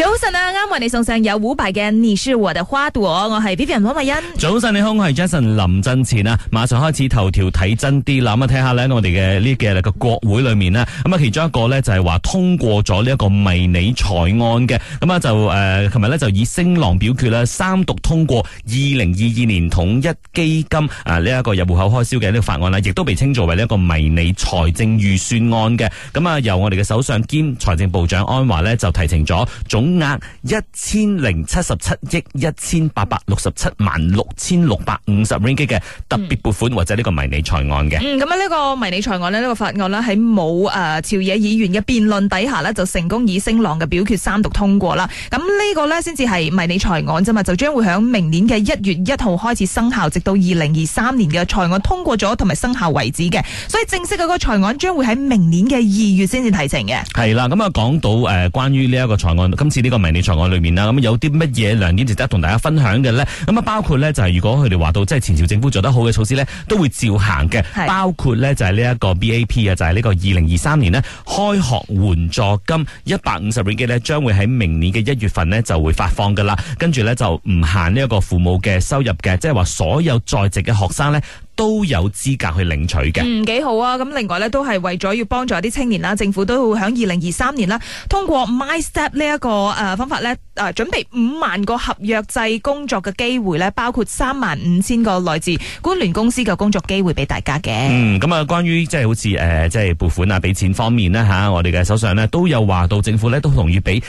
早晨啊，啱為你送上有伍佰嘅你是我的花朵，我係 Vivian 溫慧欣。早晨你好，我係 Jason 林振前啊，馬上開始頭條睇真啲啦，咁啊睇下咧，我哋嘅呢嘅個國會裏面咧，咁啊其中一個咧就係話通過咗呢一個迷你財案嘅，咁啊就誒，琴日咧就以聲浪表決啦，三讀通過二零二二年統一基金啊呢一個入戶口開銷嘅呢個法案啦，亦都被稱作為呢一個迷你財政預算案嘅，咁啊由我哋嘅首相兼財政部長安華咧就提請咗總額一千零七十七億一千八百六十七萬六千六百五十 ringgit 嘅特別撥款或者呢個迷你財案嘅。嗯，咁啊呢個迷你財案呢，呢、這個法案呢，喺冇誒朝野議員嘅辯論底下呢，就成功以聲浪嘅表決三讀通過啦。咁呢個呢，先至係迷你財案啫嘛，就將會響明年嘅一月一號開始生效，直到二零二三年嘅財案通過咗同埋生效為止嘅。所以正式嗰個財案將會喺明年嘅二月先至提呈嘅。係、嗯、啦，咁啊講到誒關於呢一個財案呢、這個迷你財案裏面啦，咁有啲乜嘢亮點值得同大家分享嘅呢？咁啊，包括呢，就係、是、如果佢哋話到即係前朝政府做得好嘅措施呢，都會照行嘅。包括呢，就係呢一個 BAP 啊，就係呢個二零二三年呢，開學援助金一百五十蚊嘅呢，將會喺明年嘅一月份呢就會發放噶啦。跟住呢，就唔限呢一個父母嘅收入嘅，即係話所有在籍嘅學生呢。都有資格去領取嘅，嗯，幾好啊！咁另外咧，都係為咗要幫助啲青年啦，政府都會響二零二三年啦，通過 My Step 呢、這、一個誒方法咧，誒、呃、準備五萬個合約制工作嘅機會咧，包括三萬五千個來自官聯公司嘅工作機會俾大家嘅、嗯。嗯，咁、呃就是、啊，關於即係好似誒，即係撥款啊，俾錢方面呢，吓，我哋嘅手上呢，都有話到，政府咧都同意俾誒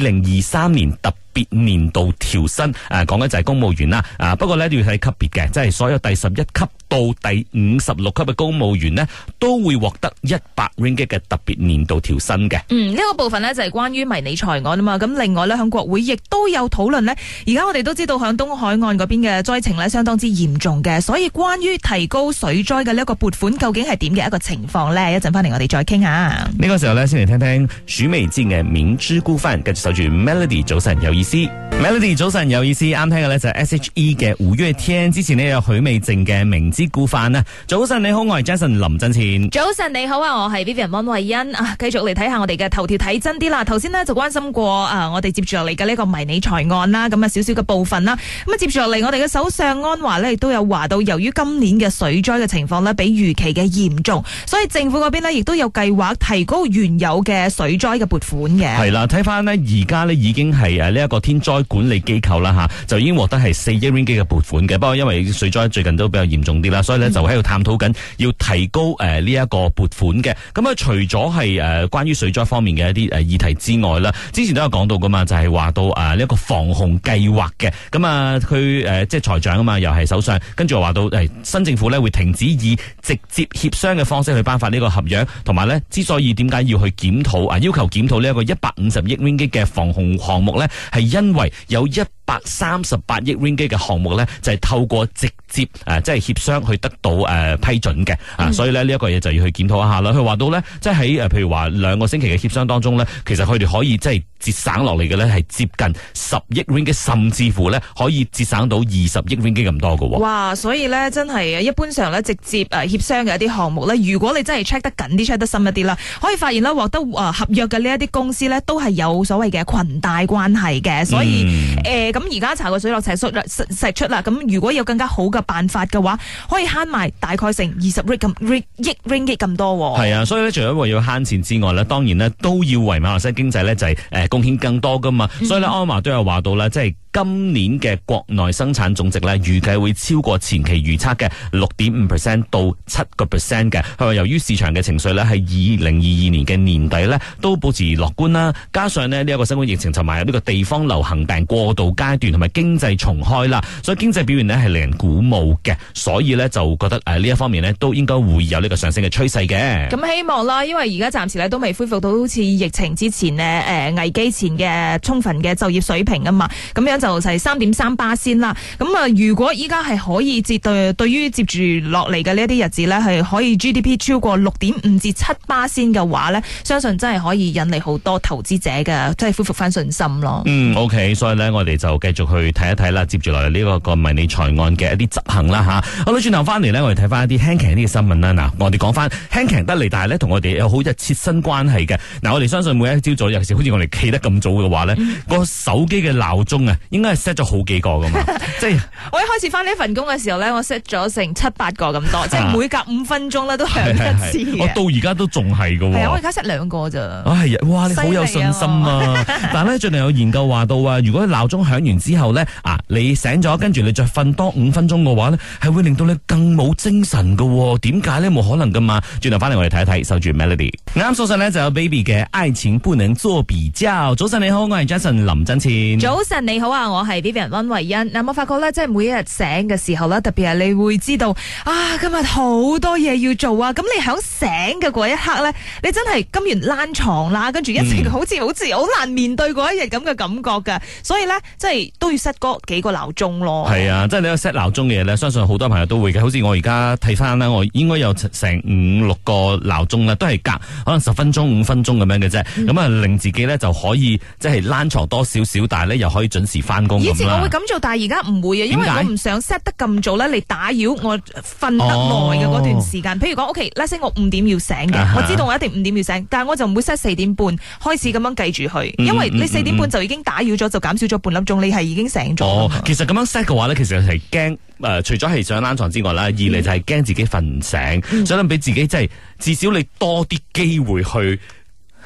二零二三年特別年度調薪，誒、啊，講緊就係公務員啦，啊，不過呢要睇級別嘅，即係所有第十一級。到第五十六級嘅公務員呢都會獲得一百 ringgit 嘅特別年度調薪嘅。嗯、呢、這個部分呢就係、是、關於迷你財案啊嘛。咁另外呢響國會亦都有討論呢，而家我哋都知道向東海岸嗰邊嘅災情呢相當之嚴重嘅，所以關於提高水災嘅呢一個撥款，究竟係點嘅一個情況呢？一陣翻嚟，我哋再傾下。呢、這個時候呢，先嚟聽聽許美靜嘅明知故犯，跟住守住 Melody 早晨有意思。Melody 早晨有意思，啱聽嘅呢就係、是、S H E 嘅胡越天。之前呢，有許美靜嘅明之故犯啊！早晨你好，我係 Jason 林振倩。早晨你好 Vivian，Mon，啊，看看我係 Vivian 溫慧欣啊！繼續嚟睇下我哋嘅頭條睇真啲啦。頭先呢就關心過啊、呃，我哋接住落嚟嘅呢個迷你財案啦，咁啊少少嘅部分啦。咁、嗯、啊接住落嚟，我哋嘅首相安華呢亦都有話到，由於今年嘅水災嘅情況呢比預期嘅嚴重，所以政府嗰邊呢亦都有計劃提高原有嘅水災嘅撥款嘅。係啦，睇翻呢而家呢已經係誒呢一個天災管理機構啦吓、啊，就已經獲得係四億蚊嘅撥款嘅。不過因為水災最近都比較嚴重。啦，所以咧就喺度探討緊要提高誒呢一個撥款嘅。咁啊，除咗係誒關於水災方面嘅一啲誒議題之外啦，之前都有講到噶嘛，就係話到誒呢一個防洪計劃嘅。咁啊，佢誒即係財長啊嘛，又係首相，跟住又話到誒新政府咧會停止以直接協商嘅方式去頒發呢個合約，同埋咧之所以點解要去檢討啊，要求檢討呢一個一百五十億 ringgit 嘅防洪項目咧，係因為有一百三十八億 ringgit 嘅項目咧就係透過直接誒即係協商。去得到誒批准嘅、嗯，啊，所以咧呢一個嘢就要去檢討一下啦。佢話到咧，即係喺誒譬如話兩個星期嘅協商當中咧，其實佢哋可以即係。節省落嚟嘅咧，係接近十億 ringgit，甚至乎咧可以節省到二十億 ringgit 咁多嘅。哇！所以咧真係一般上咧直接誒協商嘅一啲項目咧，如果你真係 check 得緊啲，check 得深一啲啦，可以發現咧獲得啊合約嘅呢一啲公司咧，都係有所謂嘅群帶關係嘅。所以誒咁而家查個水落石出啦，石出啦。咁如果有更加好嘅辦法嘅話，可以慳埋大概成二十 ring 咁 ring 億咁多。係啊，所以咧除咗為要慳錢之外呢，當然呢都要為馬來西亞經濟咧就係、是、誒。貢獻更多噶嘛，所以咧，安、嗯、華都有話到啦，即係今年嘅國內生產總值咧，預計會超過前期預測嘅六點五 percent 到七個 percent 嘅。佢話由於市場嘅情緒咧，係二零二二年嘅年底咧，都保持樂觀啦，加上呢，呢、這、一個新冠疫情同埋呢個地方流行病過渡階段同埋經濟重開啦，所以經濟表現呢係令人鼓舞嘅。所以咧就覺得誒呢、呃、一方面呢，都應該會有呢個上升嘅趨勢嘅。咁希望啦，因為而家暫時咧都未恢復到好似疫情之前呢。誒、呃基前嘅充分嘅就業水平啊嘛，咁樣就就係三點三巴先啦。咁啊，如果依家係可以對對於接對對於接住落嚟嘅呢一啲日子呢，係可以 GDP 超過六點五至七巴先嘅話呢，相信真係可以引嚟好多投資者嘅，即係恢復翻信心咯。嗯，OK，所以呢，我哋就繼續去睇一睇啦，接住落嚟呢個個迷你財案嘅一啲執行啦吓，好，轉頭翻嚟呢，我哋睇翻一啲輕鬆啲嘅新聞啦。嗱，我哋講翻輕鬆得嚟，但係呢，同我哋有好日切身關係嘅。嗱，我哋相信每一朝早有時好似我哋。起得咁早嘅話咧， 個手機嘅鬧鐘啊，應該係 set 咗好幾個噶嘛。 即係我一開始翻呢份工嘅時候咧，我 set 咗成七八個咁多，啊、即係每隔五分鐘咧都響一次是是是。我到而家都仲係噶。係我而家 set 兩個咋。啊、哎、呀，哇你好有信心啊！啊 但係咧，最近有研究話到啊，如果鬧鐘響完之後咧，啊你醒咗，跟住你再瞓多五分鐘嘅話咧，係會令到你更冇精神噶。點解咧？冇可能噶嘛？轉頭翻嚟我哋睇一睇，守住 Melody。啱收信咧就有 Baby 嘅愛情不能作比較。Hello, 早晨你好，我係 Jason 林振前。早晨你好啊，我係 Vivian 温慧欣。嗱，我發覺咧，即係每一日醒嘅時候咧，特別係你會知道啊，今日好多嘢要做啊。咁你響醒嘅嗰一刻咧，你真係今完躝床啦，跟住一直好似好似好難面對嗰一日咁嘅感覺噶、嗯。所以咧，即、就、係、是、都要 set 嗰幾個鬧鐘咯。係啊，即係你個 set 鬧鐘嘅嘢咧，相信好多朋友都會嘅。好似我而家睇翻啦，我應該有成五六個鬧鐘啦，都係隔可能十分鐘、五分鐘咁、嗯、樣嘅啫。咁啊，令自己咧就可以即係懶床多少少，但係咧又可以準時翻工。以前我會咁做，但係而家唔會啊，因為我唔想 set 得咁早咧，你打擾我瞓得耐嘅嗰段時間、哦。譬如講 OK，let's say 我五點要醒嘅，uh-huh. 我知道我一定五點要醒，但係我就唔會 set 四點半開始咁樣計住去，因為你四點半就已經打擾咗，就減少咗半粒鐘。你係已經醒咗、哦。其實咁樣 set 嘅話咧，其實係驚誒，除咗係想懶床之外啦，二嚟就係驚自己瞓唔醒，想諗俾自己即係至少你多啲機會去。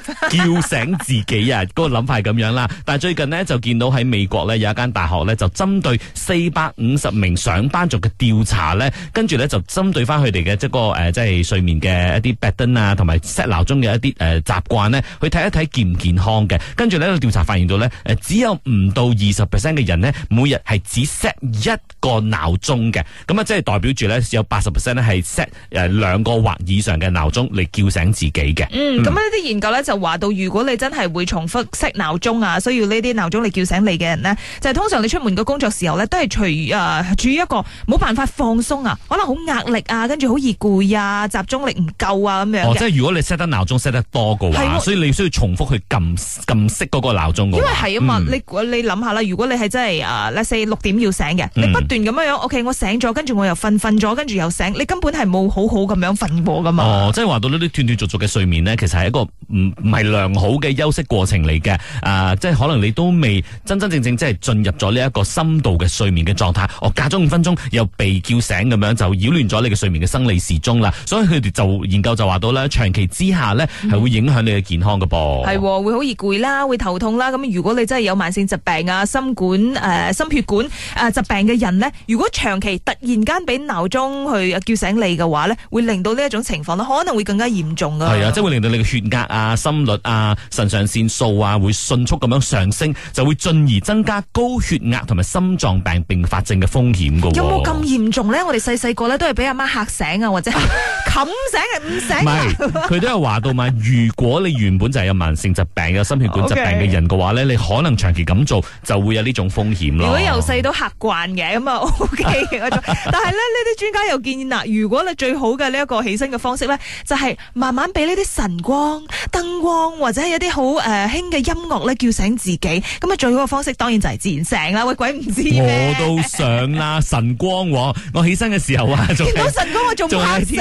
叫醒自己啊！嗰、嗰個諗法係咁樣啦。但係最近呢，就見到喺美國呢，有一間大學呢，就針對四百五十名上班族嘅調查呢。跟住呢，就針對翻佢哋嘅即係個誒即係睡眠嘅一啲 bedding 啊，同埋 set 鬧鐘嘅一啲誒習慣呢，去睇一睇健唔健康嘅。跟住呢，調查發現到呢，誒只有唔到二十 percent 嘅人呢，每日係只 set 一個鬧鐘嘅。咁啊，即係代表住呢，只有八十 percent 係 set 誒兩個或以上嘅鬧鐘嚟叫醒自己嘅。嗯，咁呢啲研究呢。嗯就話到，如果你真係會重複熄鬧鐘啊，需要呢啲鬧鐘嚟叫醒你嘅人咧，就係、是、通常你出門嘅工作時候咧，都係隨誒處於一個冇辦法放鬆啊，可能好壓力啊，跟住好易攰啊，集中力唔夠啊咁樣、哦。即係如果你 set 得鬧鐘 set 得多嘅話，所以你需要重複去撳撳熄嗰個鬧鐘。因為係啊嘛，嗯、你你諗下啦，如果你係真係誒，四、呃、六點要醒嘅，你不斷咁樣樣、嗯、，OK，我醒咗，跟住我又瞓瞓咗，跟住又醒，你根本係冇好好咁樣瞓過噶嘛。哦、即係話到呢啲斷斷續續嘅睡眠咧，其實係一個唔。嗯唔係良好嘅休息過程嚟嘅，啊、呃，即係可能你都未真真正正即係進入咗呢一個深度嘅睡眠嘅狀態。我隔咗五分鐘又被叫醒咁樣，就擾亂咗你嘅睡眠嘅生理時鐘啦。所以佢哋就研究就話到啦，長期之下呢，係會影響你嘅健康噶噃。係、嗯、會好易攰啦，會頭痛啦。咁如果你真係有慢性疾病啊、呃、心血管誒、心血管誒疾病嘅人呢，如果長期突然間俾鬧鐘去叫醒你嘅話呢，會令到呢一種情況可能會更加嚴重噶。係啊，即係會令到你嘅血壓啊、心心率啊、腎上腺素啊，會迅速咁樣上升，就會進而增加高血壓同埋心臟病併發症嘅風險噶。有冇咁嚴重咧？我哋細細個咧都係俾阿媽嚇醒啊，或者冚醒嘅唔醒。唔係，佢 都有話到埋，如果你原本就係有慢性疾病、 有心血管疾病嘅人嘅話咧，okay. 你可能長期咁做就會有呢種風險咯。如果由細到吓慣嘅，咁啊 OK 種。 但係咧，呢啲專家又建議嗱，如果你最好嘅呢一個起身嘅方式咧，就係慢慢俾呢啲晨光燈。光或者係有啲好誒輕嘅音樂咧，叫醒自己，咁啊最好嘅方式當然就係自然醒啦！喂，鬼唔知我都想啦，晨光我，我起身嘅時候啊，見到晨光我仲嚇醒，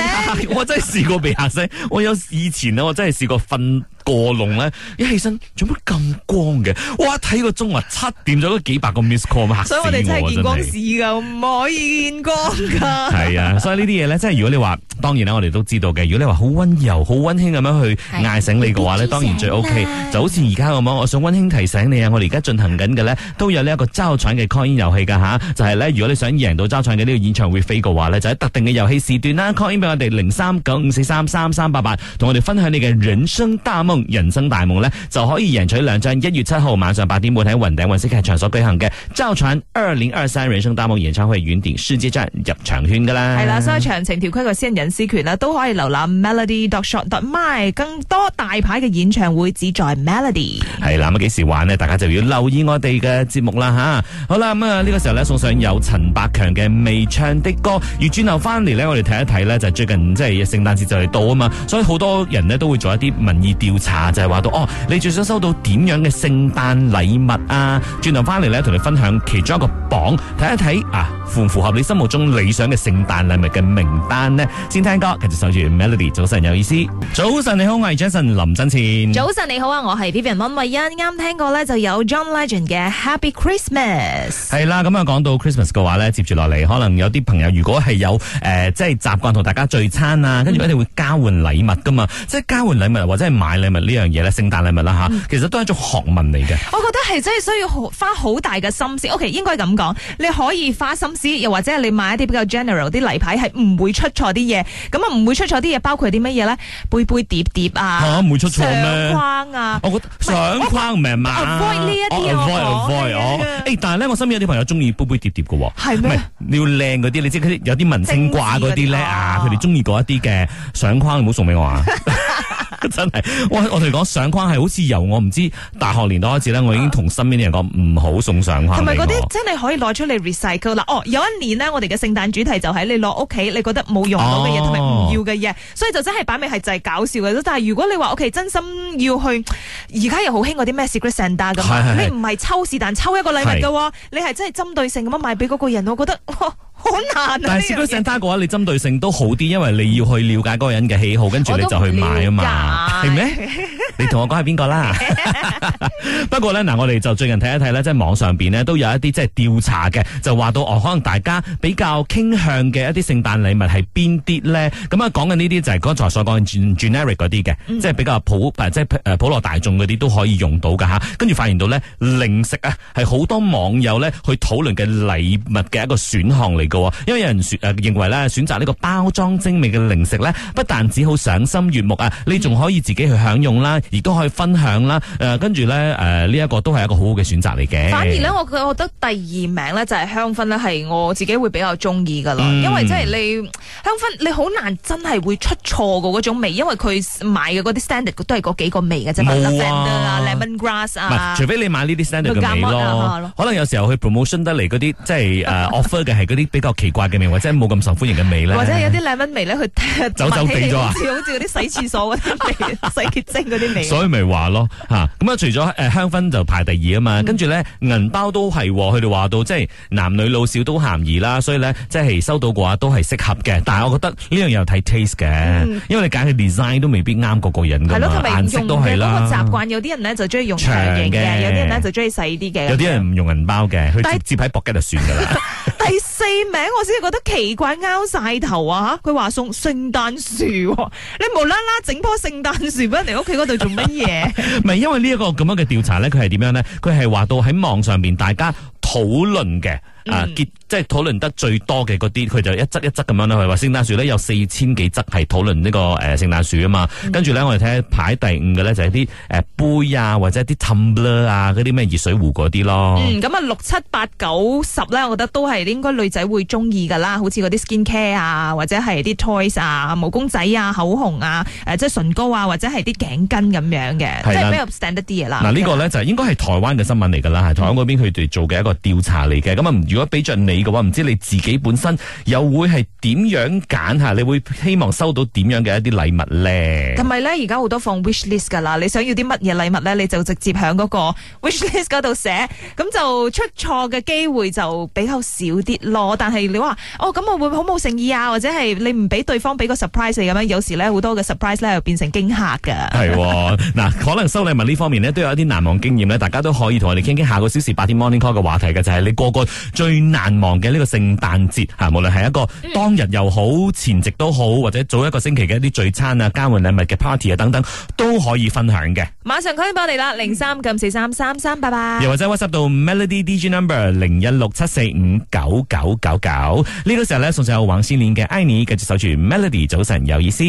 我真係試過被嚇醒。 我有以前咧，我真係試過瞓過籠咧，一起身做乜咁光嘅？哇！睇個鐘，啊，七點咗，都幾百個 miss call 咁吓死我啊！所以我哋真係見光死噶，唔可以見光噶。係 啊，所以呢啲嘢咧，真係如果你話。當然啦，我哋都知道嘅。如果你話好溫柔、好溫馨咁樣去嗌醒你嘅話呢，哎、當然最 OK。就好似而家咁樣，我想溫馨提醒你啊，我哋而家進行緊嘅呢，都有呢一個周傳嘅 call in 遊戲噶吓，就係咧，如果你想贏到周傳嘅呢個演唱會飛嘅話咧，就喺特定嘅遊戲時段啦，call in 俾我哋零三九五四三三三八八，同我哋分享你嘅人生大夢。人生大夢呢，就可以贏取兩張一月七號晚上八點半喺雲頂雲色劇場所舉行嘅《周傳二零二三人生大夢》演唱會雲頂世界站入場券噶啦。係啦，所以詳情條規嘅先人。視權啦，都可以瀏覽 melody.com.my 更多大牌嘅演唱會只在 melody。係啦，咁幾時玩咧？大家就要留意我哋嘅節目啦，吓。好啦，咁啊呢個時候咧送上由陳百強嘅未唱的歌。而轉頭翻嚟咧，我哋睇一睇咧，就係最近即係聖誕節就嚟到啊嘛，所以好多人呢，都會做一啲民意調查，就係話到哦，你最想收到點樣嘅聖誕禮物啊？轉頭翻嚟咧，同你分享其中一個榜，睇一睇啊，符唔符合你心目中理想嘅聖誕禮物嘅名單呢。聽歌，繼續守住 melody。早晨有意思，早晨你好，我係 Jason 林振前。早晨你好啊，我係 Vivian 惠欣。啱聽過咧，就有 John Legend 嘅 Happy Christmas。係啦，咁啊講到 Christmas 嘅話咧，接住落嚟，可能有啲朋友，如果係有誒，即係習慣同大家聚餐啊，跟住一定會交換禮物噶嘛。嗯、即係交換禮物或者係買禮物呢樣嘢咧，聖誕禮物啦吓，其實都係一種學問嚟嘅。我覺得係真係需要花好大嘅心思。OK，應該咁講，你可以花心思，又或者係你買一啲比較 general 啲禮牌，係唔會出錯啲嘢。咁啊，唔會出錯啲嘢，包括啲乜嘢咧？杯杯碟碟啊，吓、啊、唔會出錯咩？相框啊，我覺得相框唔係嘛？呢一啲我，哎、oh, 啊啊啊啊啊，但係咧，我、啊、身邊有啲朋友中意杯杯碟碟嘅喎，係咩？你要靚嗰啲，你即佢有啲文青掛嗰啲咧啊，佢哋中意嗰一啲嘅相框，唔好送俾我啊？ 真係，我我哋講相框，係好似由我唔知大學年代開始咧，我已經同身邊啲人講唔好送相框。同埋嗰啲真係可以攞出嚟 recycle 啦，哦，有一年呢，我哋嘅聖誕主題就係你落屋企，你覺得冇用到嘅嘢，同埋唔要嘅嘢，哦，所以就真係擺尾係就係搞笑嘅，但係如果你話屋企真心要去，而家又好興嗰啲咩 Secret Santa 咁，你唔係抽是但抽一個禮物喎，你係真係針對性咁樣買俾嗰個人，我覺得。好難啊！但係市區 c e 嘅話，這個，你針對性都好啲，因為你要去了解個人嘅喜好，跟住你就去買啊嘛，係咪？ 你同我講係邊個啦？ 不過咧，嗱我哋就最近睇一睇咧，即係網上邊呢，都有一啲即係調查嘅，就話到哦，可能大家比較傾向嘅一啲聖誕禮物係邊啲咧？咁啊，講緊呢啲就係剛才所講嘅 generic 嗰啲嘅，即、嗯、係、就是、比較普即係誒普羅大眾嗰啲都可以用到㗎。吓、啊。跟住發現到咧，零食啊係好多網友咧去討論嘅禮物嘅一個選項嚟喎。因為有人誒、啊、認為咧選擇呢個包裝精美嘅零食咧，不但只好賞心悅目啊，你仲可以自己去享用啦，亦都可以分享啦，誒跟住咧。誒、呃，呢、這個、一個都係一個好好嘅選擇嚟嘅。反而咧，我覺得第二名咧就係、是、香薰，咧，係我自己會比較中意噶咯。因為即係你香薰，你好難真係會出錯嘅嗰種味，因為佢買嘅嗰啲 standard 都係嗰幾個味嘅啫。嘛。冇啊，lemon grass 啊。除非你買呢啲 standard 嘅味囉，可能有時候佢 promotion 得嚟嗰啲，即係誒 offer 嘅係嗰啲比較奇怪嘅味，或者冇咁受歡迎嘅味咧。或者有啲 lemon 味咧，佢走走咗好似好似嗰啲洗廁所嗰啲味，洗潔精嗰啲味。所以咪話咯，吓咁啊？除咗。誒，香薰就排第二啊嘛，跟住咧銀包都係、哦，佢哋話到即係男女老少都咸宜啦，所以咧即係收到嘅話都係適合嘅。但係我覺得呢樣嘢又睇 taste 嘅，嗯，因為你揀佢 design 都未必啱個個人㗎嘛，嗯，顏色都係啦。習慣有啲人咧就中意用長嘅，有啲人咧就中意細啲嘅。有啲人唔用銀包嘅，佢直接喺部機就算㗎啦。 第四名我先至覺得奇怪，拗晒頭啊！佢話送聖誕樹，你無啦啦整棵聖誕樹俾人嚟屋企嗰度做乜嘢？唔 係因為這這呢一個咁樣嘅調查咧，佢係點樣咧？佢係話到喺網上邊大家討論嘅。啊，結即係討論得最多嘅嗰啲，佢就一則一則咁樣。佢話聖誕樹咧有四千幾則係討論呢個聖誕樹啊嘛。跟住咧，我哋睇下排第五嘅咧就係啲誒杯啊，或者啲氹啦啊，嗰啲咩熱水壺嗰啲咯。嗯，咁啊六七八九十咧，我覺得都係應該女仔會中意㗎啦。好似嗰啲 skin care 啊，或者係啲 toys 啊，毛公仔啊，口紅啊，呃、即係唇膏啊，或者係啲頸巾咁樣嘅，即係比較 stand 得啲嘢啦。嗱呢個就係、應該係台灣嘅新聞嚟㗎啦，台灣嗰邊佢哋做嘅一個調查嚟嘅。咁、嗯、啊、嗯如果俾著你嘅話，唔知你自己本身又會係點樣揀下，你會希望收到點樣嘅一啲禮物咧？同埋咧，而家好多放 wish list 噶啦，你想要啲乜嘢禮物咧，你就直接響嗰個 wish list 度寫，咁就出錯嘅機會就比較少啲咯。但係你話哦，咁我會好冇誠意啊，或者係你唔俾對方俾個 surprise 你咁樣，有時咧好多嘅 surprise 咧又變成驚吓噶。係嗱、哦， 可能收禮物呢方面呢，都有一啲難忘經驗咧，大家都可以同我哋傾傾下個小時八點 morning call 嘅話題嘅，就係、是、你個個。最難忘嘅呢個聖誕節嚇、啊，無論係一個當日又好、嗯，前夕都好，或者早一個星期嘅一啲聚餐啊、交換禮物嘅 party 啊等等，都可以分享嘅。馬上 call 返我哋啦，零三九四三三三，拜拜。又或者 WhatsApp 到 Melody DJ number 零一六七四五九九九九，呢個時候咧送上黃先念嘅 I need 繼續守住 Melody，早晨有意思。